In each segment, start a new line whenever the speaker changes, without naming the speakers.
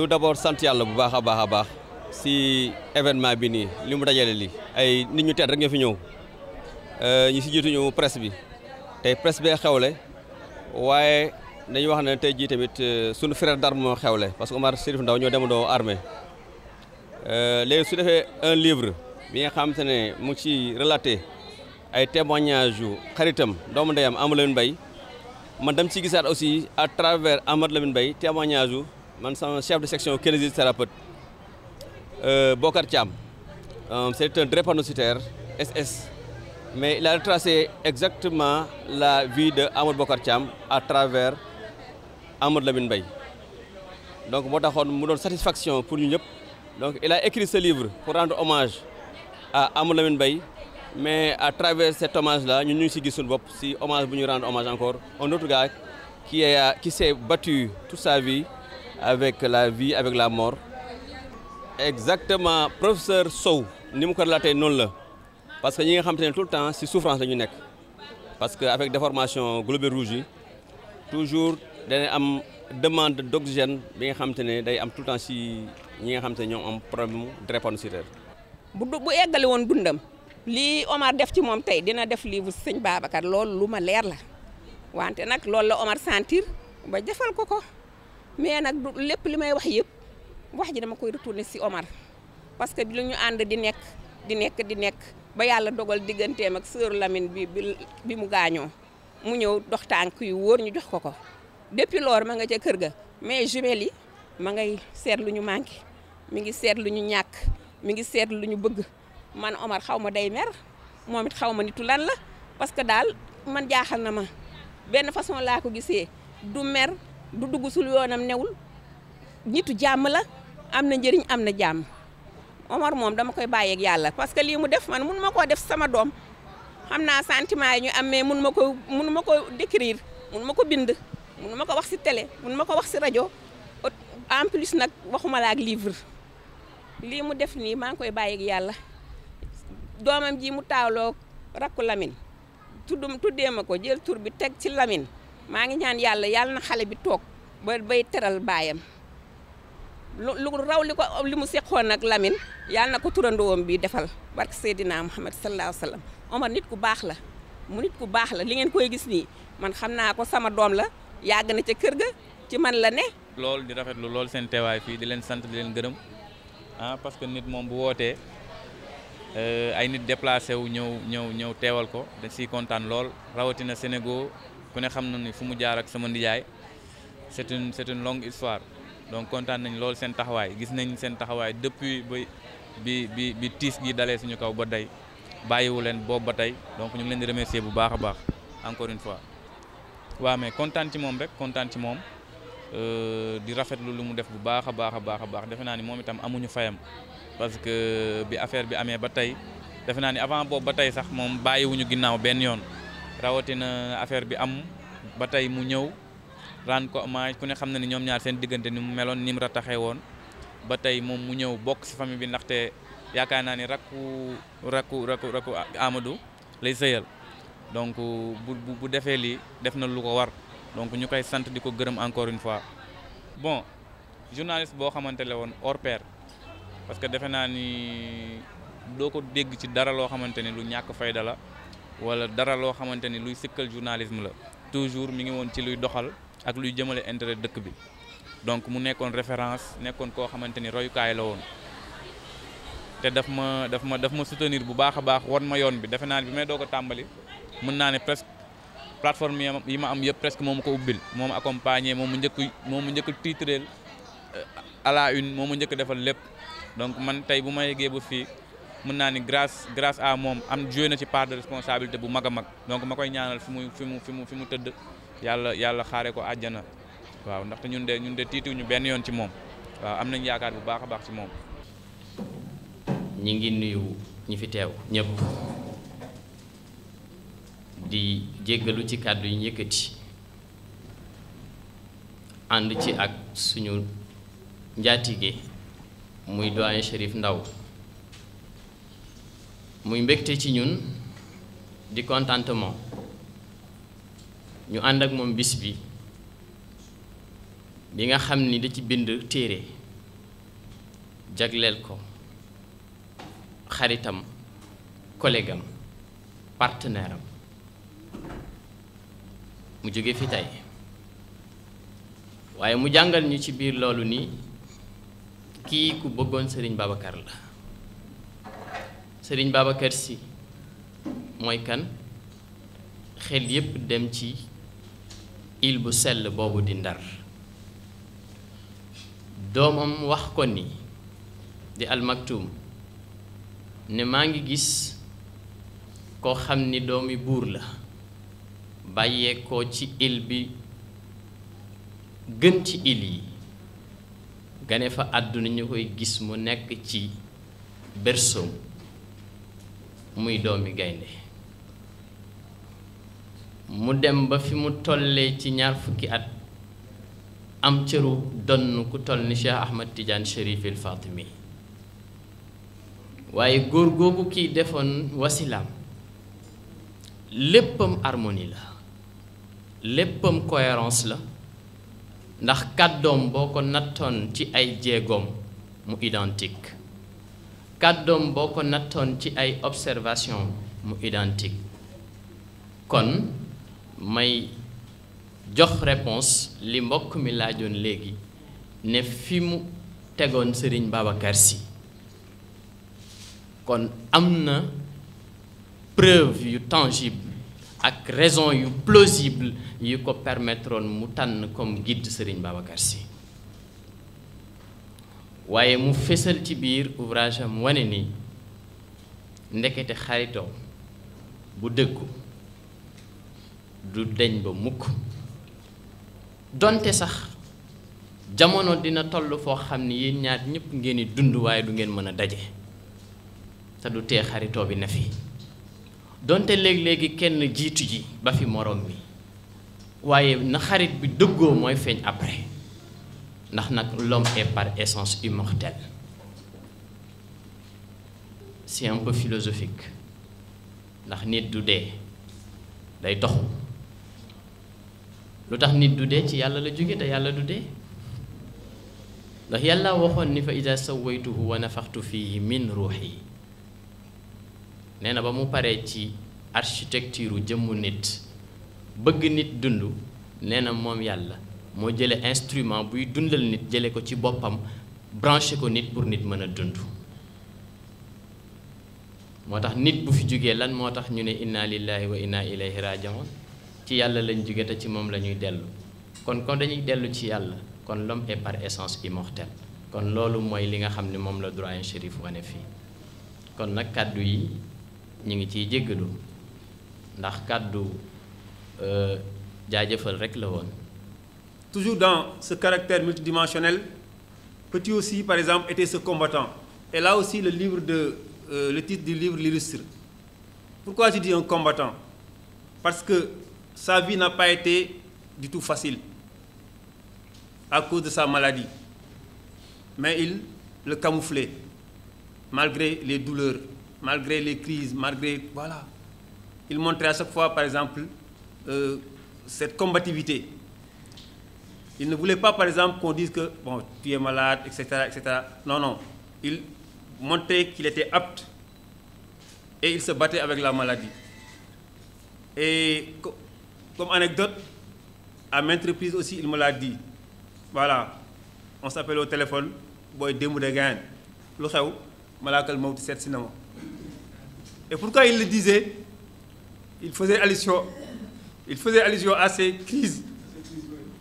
tout d'abord sant yàlla bu baax a baax a si événement bi nii li mu dajale li ay ñu tedd rek ñoo fi ñëw euh, ñi si jiitu ñu presse bi tey presse bee xewle waaye dañuy wax ne tey jii tamit euh, sunu frère d'arme moo xewle parce que mar Chérif Ndaw ñoo demandoo armée euh, léegi su defee un livre bi nga xamante ne mu ci relate ay témoignages yu xaritam doomu ndeyam Amadou Lamine Mbaye man dam ci gisaat aussi à travers Amadou Lamine Mbaye témoignage yu man sama chef de section kinésithérapeute euh, Bokar Thiam euh, c'est un drépanocytaire SS mais il a retracé exactement la vie de Amadou Bokar Thiam à travers Amadou Lamine Mbaye donc moo taxoon mu doon satisfaction pour ñu ñëpp donc il a écrit ce livre pour rendre hommage à Amadou Lamine Mbaye mais à travers cet hommage là ñun ñu ngi si gis suñ bopp si hommage bu ñu rendre hommage encore un autre gars ki a qui s'est battu toute sa vie avec la vie avec la mort exactement professeur Sow ni mu ko relatee noonu la parce que ñi nga xam te ne tout le temps si souffrance la ñu nekk parce que avec déformation globule rouge yi toujours dana am demande d'oxygène bi nga xam te ne day am tout le temps ci ñi nga xam te ne ñoom am problème de réponse cellulaire
bu bu eggali woon dundam lii Omar def ci moom tey dina def livre sëñ Babacar lool lu ma leer la wante nag loolu la Omar sentir ba jëfal ko ko mais nag lépp li may wax yëpp wax ji dama koy retourner si Omar parce que lu ñu ànd di nekk di nekk di nekk ba yàlla dogal digganteem ak sœur Lamine bi bi mu gaañoo mu ñëw dox tànk yu wóor ñu jox ko ko depuis loor ma nga ca kër ga mais jumelle yi ma ngay seet lu ñu manqué mi ngi seet lu ñu ñàkk mi ngi seet lu ñu bëgg man Omar xaw ma day mer moom it xaw ma nitu lan la parce que daal man jaaxal na ma benn façon laa ko gisee du mer. du dugg sul yoonam newul nitu jàmm la am na njëriñ am na jàmm Omar moom dama koy bàyyeeg yàlla parce que lii mu def man mun ma koo def sama doom xam naa santiment yi ñu am mais mun ma ko mun ma ko décrire mun ma ko bind mun ma ko wax si télé mun ma ko wax si rajo en plus nag waxuma la ak livre lii mu def nii maa ngi koy bàyyeeg yàlla doomam ji mu taaloo rakku Lamine tuddum tuddee ma ko jël tur bi teg ci Lamine maa ngi ñaan yàlla yàlla na xale bi toog ba bay teral baayam lu lu raw li ko li mu seqoon ak Lamine yàlla na ko turandoom bii defal barke Seydina Muhammad sallallahu alayhi wa sallam Omar nit ku baax la mu nit ku baax la li ngeen koy gis nii man xam naa ko sama doom la yàgg na ca kër ga ci man la ne.
loolu di rafetlu loolu seen teewaay fii di leen sant di leen gërëm ah parce que nit moom bu wootee euh, ay nit déplacé wu ñëw ñëw ñëw teewal ko dañ siy kontaan lool rawatina Sénégal. ku ne xam na ni fu mu jaar ak sama nijaay c'est une c'est une longue histoire donc kontaan nañ lool seen taxawaay gis nañ seen taxawaay depuis ba bi bi bi tiis gi dalee suñu kaw ba tey bàyyiwu leen boobu ba tey donc ñu ngi leen di remercier bu baax a baax encore une fois. waaw mais kontaan ci moom rek kontaan ci moom euh, di rafetlu lu mu def bu baax a baax a baax a baax defe naa ni moom itam amuñu fayam parce que bi affaire bi amee ba tey defe naa ni avant boobu ba tey sax moom bàyyiwuñu ginnaaw benn yoon. rawatina affaire bi am ba tey mu ñëw rendre ko hommage ku ne xam na ni ñoom ñaar seen diggante ni mu meloon ni mu woon ba tey moom mu ñëw bokk si famille bi ndaxte yaakaar naa ni rakku rakku rakku rakku Amadou lay sëyal donc bu bu defee lii def na lu ko war donc ñu koy sant di ko gërëm encore une fois bon journaliste boo xamante ne woon hors parce que defe naa ni doo ko dégg ci dara loo xamante ni lu ñàkk fayda la wala dara loo xamante ni luy sikkal journalisme la toujours mi ngi woon ci luy doxal ak luy jëmale intérêt dëkk bi donc mu nekkoon référence nekkoon koo xamante ni royukaay la woon te daf ma daf ma daf ma soutenir bu baax a baax wan ma yoon bi defe naa ne bi may doog a tàmbali mën naa ne presque plateforme yi ma am yëpp presque moom ko ubbil moom accompagner moom mu njëkk moom mu njëkk tiitreel euh, à la une moom mu njëkk defal lépp donc man tey bu ma yeggee ba fii mën naa ni grace grâce à moom am joué na ci part de responsabilité bu mag a mag donc ma koy ñaanal fi mu fi mu fi mu fi mu tëdd yàlla yàlla xaare ko àjjana waaw ndaxte ñun de ñun de tiituñu benn yoon ci moom waaw am nañ yaakaar bu baax a baax ci moom. ñi ngi nuyu ñi fi teew ñëpp
di jéggalu ci kàddu yi yëkkati ànd ci ak suñu njaatige muy doyen Chérif Ndaw muy mbégte ci ñun di contentement ñu ànd ak moom bis bi bi nga xam ni da ci bind téere jagleel ko xaritam collègue am am mu jóge fi tey waaye mu jàngal ñu ci biir loolu ni kii ku bëggoon Serigne Babacar la Serigne Babacar si mooy kan xel yépp dem ci il bu sell boobu di ndar doomam wax ko ni di almaktum ne maa ngi gis koo xam ni doomi buur la bàyyeekoo ci il bi gën ci il yi gane fa àdduna ñu koy gis mu nekk ci bersoom muy doomi gaynde mu dem ba fi mu tollee ci ñaar fukki at am cëru donn ku toll ni Cheikh Ahmad Tidiane Chérif El Fatimi waaye góor googu kiy defoon wasilaam léppam harmonie la léppam cohérence la ndax kàddoom boo ko nattoon ci ay jéegoom mu idantik kàddoom boo ko nattoon ci ay observation mu identique kon may jox réponse li mbokk mi laajoon léegi ne fi mu tegoon Serigne Babacar kon am na preuve yu tangible ak raison yu plausible yu ko permettroon mu tànn comme guide Serigne Babacar Sy waaye mu fésal ci biir ouvrage am wane ni ndekete xaritoo bu dëggu du deñ ba mukk donte sax jamono dina toll foo xam ni yéen ñaar ñëpp ngeen di dund waaye du ngeen mën a daje te du tee xaritoo bi na fi donte léeg-léegi kenn jiitu ji ba fi moroom mi waaye na xarit bi dëggoo mooy feeñ après ndax nag l'homme est par essence immortel c'est philosophique ndax nit du dee day toxu lu tax nit du dee ci yàlla la jóge te yàlla du dee ndax yàlla waxoon ni fa ida sawaytuhu wa nafaxtu fihi min ruuxi nee na ba mu paree ci architecture jëmm nit bëgg nit dund nee na moom yàlla moo jëlee instrument buy dundal nit jëlee ko ci boppam branché ko nit pour nit mën a dund moo tax nit bu fi jógee lan moo tax ñu ne inna lillahi wa inna ilayhi raji'un ci yàlla lañ jóge te ci moom la ñuy dellu kon kon dañuy dellu ci yàlla kon l'homme est par essence immortel kon loolu mooy li nga xam ne moom la doyen Chérif wane fii kon nag kàddu yi ñu ngi ciy jéggalu ndax kàddu euh, jaajëfal rek la woon
Toujours dans ce caractère multidimensionnel, Petit aussi, par exemple, était ce combattant. Et là aussi, le, livre de, euh, le titre du livre l'illustre. Pourquoi je dis un combattant Parce que sa vie n'a pas été du tout facile à cause de sa maladie. Mais il le camouflait, malgré les douleurs, malgré les crises, malgré... Voilà. Il montrait à chaque fois, par exemple, euh, cette combativité. Il ne voulait pas, par exemple, qu'on dise que bon, tu es malade, etc., etc. Non, non. Il montrait qu'il était apte et il se battait avec la maladie. Et comme anecdote, à maintes aussi, il me l'a on s'appelle téléphone, boy Demou de Gain, le xew, malakal mawti set cinéma. Et pourquoi il le disait Il faisait allusion, il faisait allusion à ces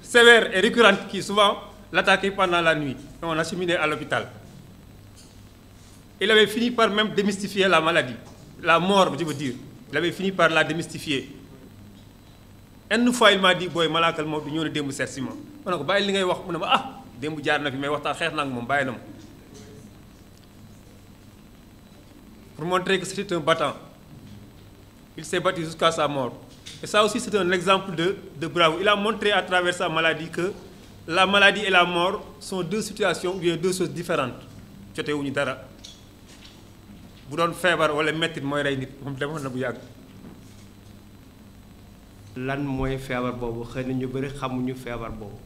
sévère et récurrente qui souvent l'attaquait pendant la nuit et on l'acheminait à l'hôpital. Il avait fini par même démystifier la maladie, la mort, je veux dire. Il avait fini par la démystifier. Une fois, il m'a dit booy malaakal moom du ñëw na démb seet si ma ma ne ko bàyyi li ngay wax mu ne ma ah démb jaar na fi may waxtaan xeex moom bàyyi na ma. Pour montrer que c'était un battant, il s'est battu jusqu'à sa mort. Et ça aussi, c'est un exemple de, de bravo. Il a montré à travers sa maladie que la maladie et la mort sont deux situations ou bien deux choses différentes jotewuñu dara bu doon feebar walla mettit mooy rey nit moom demoon na bu yàgg. lan mooy feebar boobu xëy na ñu bëri xamuñu feebar boobu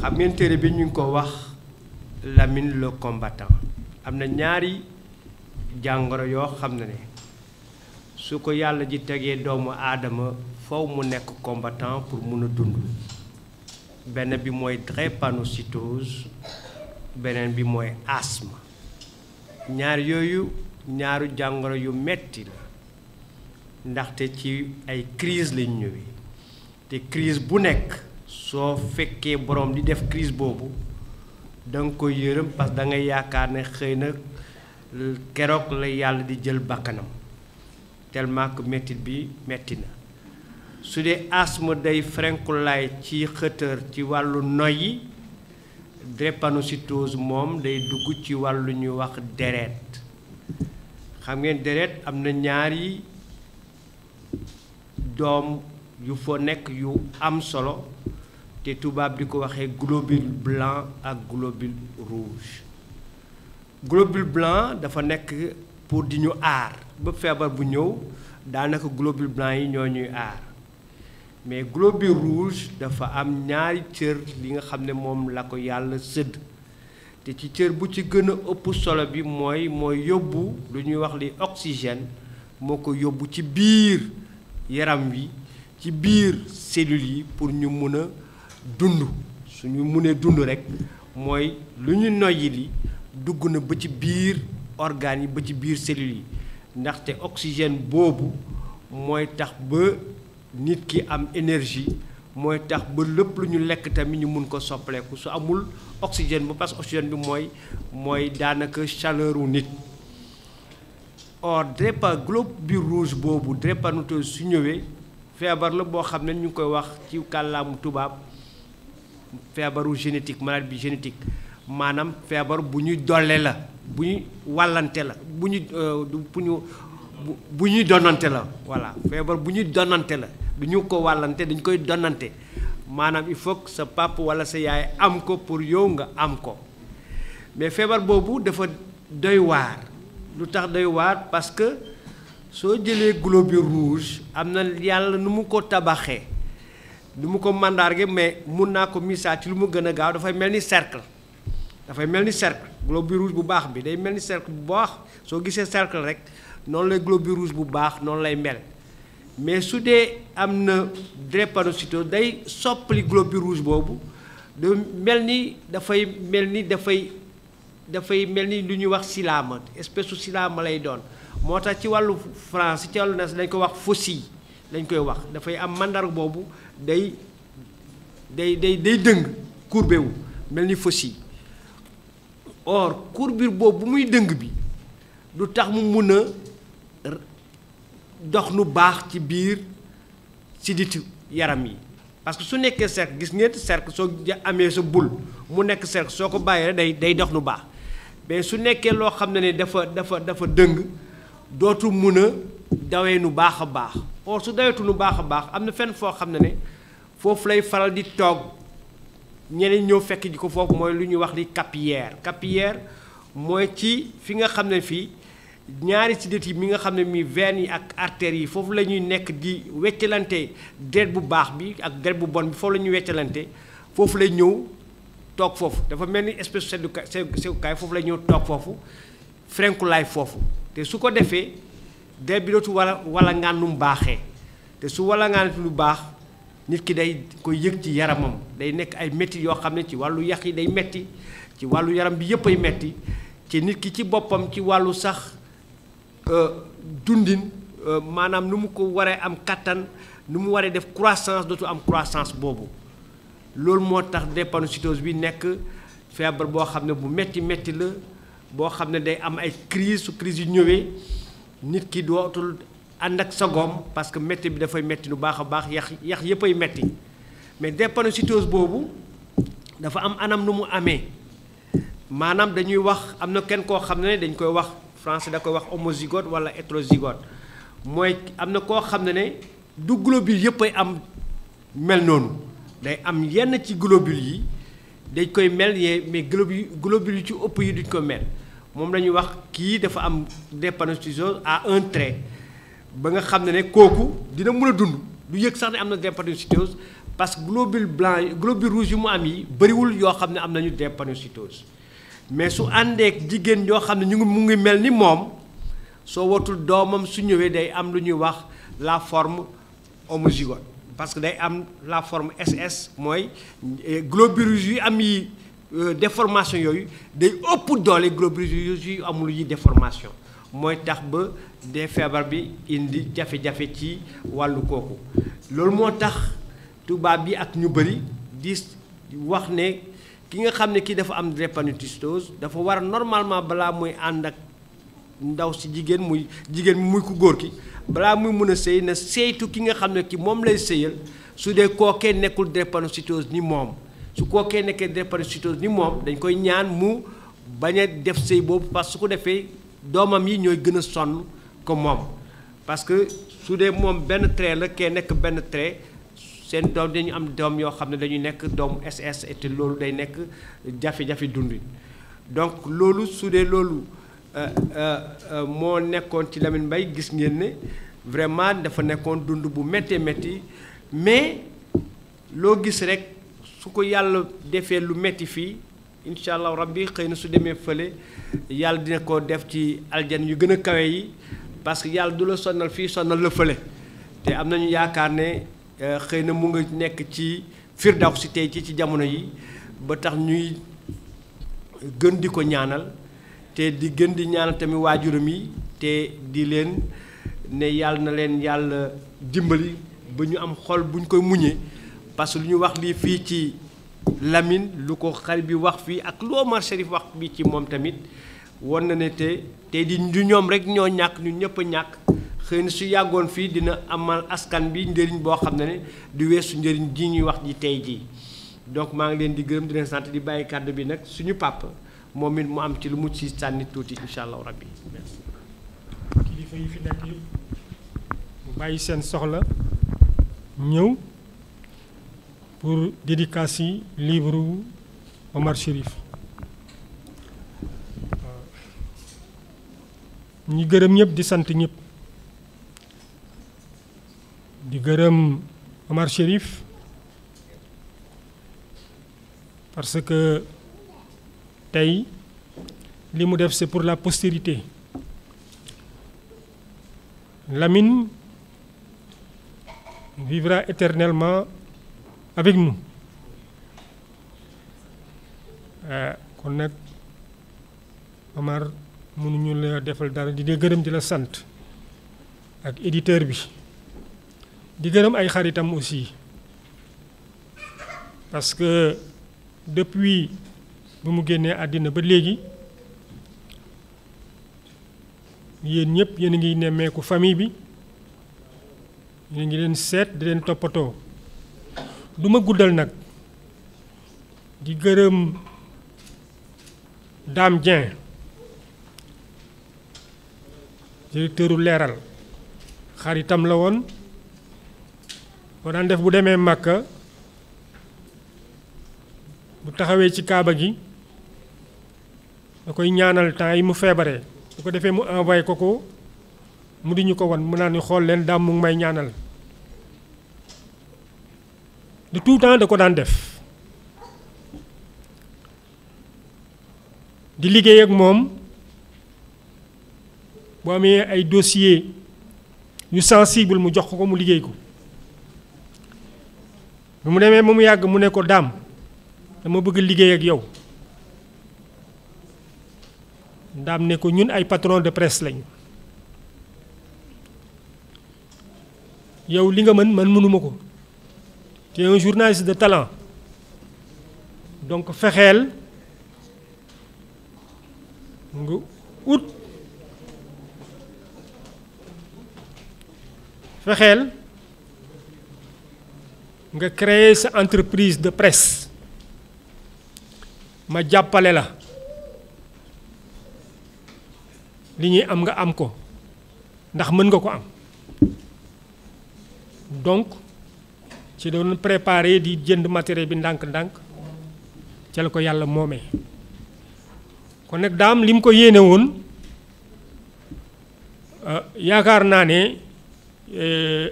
xam téere bi ñu ngi ko wax Lamine le combattant am na ñaari jàngoro yoo xam na ne. su ko yàlla ji tegee doomu aadama fow mu nekk combattant pour mun a dund benn bi mooy drépanocytose beneen bi mooy asthme ñaar yooyu ñaaru jàngoro yu metti la ndaxte ci ay crise lañ ñëwee te crise bu nekk soo fekkee borom di def crise boobu da nga koy yërëm parce que da ngay yaakaar ne xëy na keroog la yàlla di jël bakkanam tellement que méttit bi metti na su dee asthme day frenkulaay ci xëtër ci wàllu noyyi drépanocytose moom day dugg ci wàllu ñuy wax deret xam ngeen deret am na ñaari doom yu fa nekk yu am solo te tubaab di ko waxee globule blanc ak globule rouge globule blanc dafa nekk pour di ñu aar ba feebar bu ñëw daanaka globule blanc yi ñoo ñuy aar mais globule rouge dafa am ñaari cër li nga xam ne moom la ko yàlla sëdd te ci cër bu ci gën a ëpp solo bi mooy mooy yóbbu lu ñuy wax li oxygène moo ko yóbbu ci biir yaram wi ci biir cellules yi pour ñu mun a dund suñu munee dund rek mooy lu ñu noyyi li dugg na ba ci biir organes yi ba ci biir cellules yi ndaxte oxygène boobu mooy tax ba nit ki am énergie mooy tax ba lépp lu ñu lekk tamit ñu mën ko soppaleeku su amul oxygène ba parce que oxygène bi mooy mooy daanaka chaleur wu nit or drépano bi rouge boobu drépanocytose su ñëwee feebar la boo xam ne ñu ngi koy wax ci kàllaamu tubaab feebaru génétique maladie bi génétique maanaam feebar bu ñuy dolle la bu ñu wàllante la bu ñu euh, bu ñu bu ñuy donante la voilà feebar bu ñuy donante la du ñu ko wàllante dañ koy donante maanaam il faut sa papa walla sa yaay am ko pour yow nga am ko mais feebar boobu dafa doy waar lu tax doy waar parce que soo jëlee globule rouge am na yàlla nu mu ko tabaxee nu mu ko màndarge mais mun naa ko misaal ci lu mu gën a gaaw dafay mel ni cercle dafay mel ni cercle bi rouge bu baax bi day mel ni cercle bu baax soo gisee cercle rek noonu lay bi rouge bu baax noonu lay mel mais su dee am na drépanocytose day soppali bi rouge boobu du mel ni dafay mel ni dafay dafay mel ni lu ñuy wax silaama espèce su silaama lay doon moo tax ci wàllu France ci wàllu nas dañ koy wax faucille dañ koy wax dafay am mandarga boobu day day day day dëng courbé wu mel ni faucille or biir boobu bu muy dëng bi du tax mu mun a dox nu baax ci biir sidditu yaram yi parce que su nekkee cercle gis ngeen cercle soo ja amee sa bul mu nekk cercle soo ko bàyyee day day dox nu baax mais su nekkee loo xam ne ne dafa dafa dafa dëng dootu mun a dawee nu baax a baax or su dawetu nu baax a baax am na fenn foo xam ne ne foofu lay faral di toog ñeneen ñëw fekk ji ko foofu mooy lu ñuy wax li capillaire capillaire mooy ci fi nga xam ne fii ñaari sidit yi mi nga xam ne mii veines yi ak artères yi foofu la ñuy nekk di weccalante deret bu baax bi ak deret bu bon bi foofu la ñuy weccalante foofu lay ñëw toog foofu dafa mel ni espèce seddukaay seddukaay foofu la ñëw toog foofu frenkulaay foofu te su ko defee deret bi dootu wala wala ngaan baaxee te su wala ngaan lu baax nit ki day koy yëg ci yaramam day nekk ay métti yoo xam ne ci wàllu yax yi day metti ci wàllu yaram bi yëpp ay metti ci nit ki ci boppam ci wàllu sax euh, dundin euh, maanaam nu mu ko waree am kattan nu mu waree def croissance dootu am croissance boobu loolu moo tax drépanocytose bi nekk feebar boo xam ne bu metti metti la boo xam ne day am ay crise su crise yu ñëwee nit ki dootul ànd ak sagoom parce que métti bi dafay métti lu baax a baax yax yax metti mais métti mais drépanocytose boobu dafa am anam nu mu amee maanaam dañuy wax am na kenn koo xam ne dañ koy wax français da koy wax homozygote wala hétérozygote mooy am na koo xam ne ne du globule yëpp ay am mel noonu day am yenn ci globule yi dañ koy mel yee mais globule globule yi ci ëpp yi duñ ko mel moom la ñuy wax kii dafa am drépanocytose à un ba nga xam ne ne kooku dina mun a dund du yëg sax ne am na drépanocytose parce que globule blanc globule rouge yu mu am yi bëriwul yoo xam ne am nañu drépanocytose mais su àndeek jigéen yoo xam ne ñu ngi mu ngi mel ni moom soo watul doomam su ñëwee day am lu ñuy wax la forme homozygote parce que day am la forme SS mooy eh, globule rouge yu am yi euh, déformation yooyu day ëpp doole globule rouge yu amul yi déformation mooy tax ba dee feebar bi indi jafe-jafe ci wàllu kooku loolu moo tax tubaab yi ak ñu bëri di wax ne ki nga xam ne kii dafa am drépanocytose dafa war normalement balaa muy ànd ak ndaw si jigéen muy jigéen muy ku góor ki balaa muy mën a sëy na saytu ki nga xam ne ki moom lay sëyal su dee kookee nekkul drépanocytose ni moom su kookee nekkee drépanocytose ni moom dañ koy ñaan mu bañ a def sëy boobu parce su ko defee doomam yi ñooy gën a sonn ko moom parce que su dee moom benn trait la kee nekk benn trait seen doom dañu am doom yoo xam ne dañu nekk doomu SS te loolu day nekk jafe-jafe yi donc loolu su dee loolu euh, euh, euh, moo nekkoon ci Lamine mbay gis ngeen ne vraiment dafa nekkoon dund bu méttee métti mais loo gis rek su ko yàlla defee lu métti fii incha allah bi xëy na su demee fële yàlla dina ko def ci aljan yu gën a kawe yi parce que yàlla du la sonal fii sonal la fële te am nañu yaakaar ne euh, xëy na mu nga nekk ci firdaw si tey ci ci jamono yi ba tax ñuy gën di ko ñaanal te di gën di ñaanal tamit waajuram yi te di leen ne yàlla na leen yàlla dimbali ba ñu am xol bu ñu koy muñee parce que lu ñu wax lii fii ci Lamine lu ko xar bi wax fii ak lu Omar Chérif wax bi ci moom tamit won na ne te te di du ñoom rek ñoo ñàkk ñun ñëpp ñàkk xëy na su yàggoon fii dina amal askan bi njëriñ boo xam ne ne du weesu njëriñ ji ñuy wax ji tey jii donc maa ngi leen di gërëm di leen sant di bàyyi kàddu bi nag suñu pàpp moom it mu am ci lu mu ci sànni tuuti incha allahu rabbi merci.
kilifa yi fi nekk yëpp mu bàyyi seen soxla ñëw. pour dédicace yi livre Omar ñi gërëm ñëpp di sant ñëpp di gërëm Omar Chérif parce que tey li mu def c'est pour la postérité Lamine vivra éternellement avec nous euh, kon nag Omar mënuñu la defal dara di dee gërëm di la sant ak éditeur bi di gërëm ay xaritam aussi parce que depuis bi mu génnee àddina ba léegi yéen ñëpp yéen a ngi nemmeeku famille bi yéen ngi leen seet di leen toppatoo duma guddal nag di gërëm Dame Dieng directeuru leeral xaritam la woon boo daan def bu demee Màkka bu taxawee ci kaaba gi da koy ñaanal temps yi mu feebaree bu ko defee mu envoyé ko ko mu di ñu ko wan mu naan ni xool leen daam mu may ñaanal de tout temps da ko daan def di liggéey ak moom boo amee ay dossier yu sensible mu jox ko mu liggéey ko bi mu demee ba mu yàgg mu ne ko daam dama bëgg liggéey ak yow daam ne ko ñun ay patron de presse lañu yow li nga mën man mënuma ko tu es journaliste de talent donc fexeel nga ut fexeel nga créer sa entreprise de presse ma jàppale la li ñuy am nga am ko ndax mën nga ko am donc ci doon préparé di jënd matériel bi ndànk-ndànk ca la ko yàlla moome kon nag daam lim ko yéene woon euh, yaakaar naa ne euh,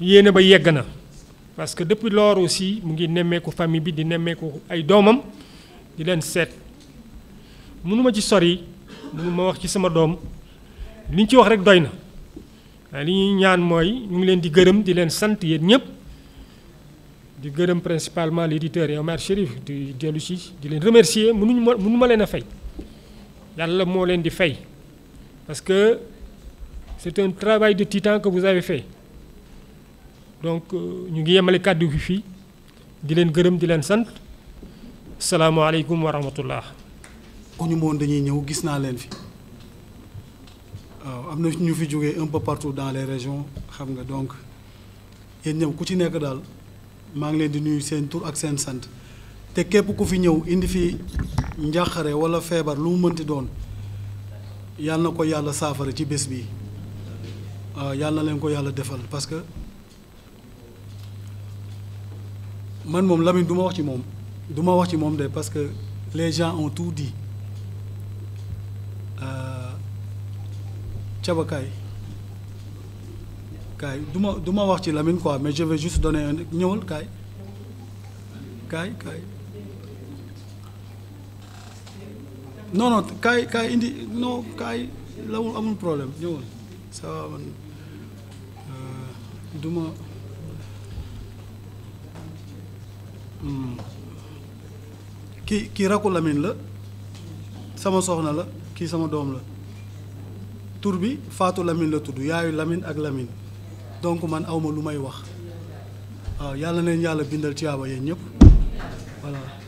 yéene ba yegg na parce que depuis lors aussi mu ngi nemmeeku famille bi di nemmeeku ay doomam di leen seet mënuma ci sori mënuma wax ci sama doom li ñu ci wax rek doy na Euh, li ñuy ñaan mooy ñu ngi leen di gërëm di leen sant yéen ñëpp di gërëm principalement l' éditeur et Omar Chérif di dellu si di leen remercier mënuñu ma mënu ma leen a fay yàlla moo leen di fay parce que c' est un travail de titan que vous avez fait donc euh, ñu ngi yemale kàddu gi fii di leen gërëm di leen sant salaamaaleykum wa rahmatullah.
ko ñu moon dañuy ñëw gis naa leen fi. waaw am na ñu fi jógee un peu partout dans les régions xam nga donc yéen ñëw ku ci nekk daal maa ngi leen di nuyu seen tour ak seen sant te képp ku fi ñëw indi fi njàqare wala feebar lu mu mënti doon yàlla na ko yàlla saafara ci bés bi waaw yàlla na leen ko yàlla defal parce que man moom Lamine du ma wax ci moom du wax ci moom de parce que les gens ont tout dit. Euh, Thiaba kaay kaay du ma du wax ci Lamine quoi mais je vais juste donner un ñëwal kaay kaay kaay non kaay kaay indi non kaay lawul amul problème ñëwal ça va man euh, du ma hmm. rakku Lamine la sama soxna la kii sama doom la tur bi Fatou lamin la tudd yaayu Lamine ak lamin donc man awma lu may wax waaw yàlla neen yàlla bindal tiyaaba yéen ñëpp voilà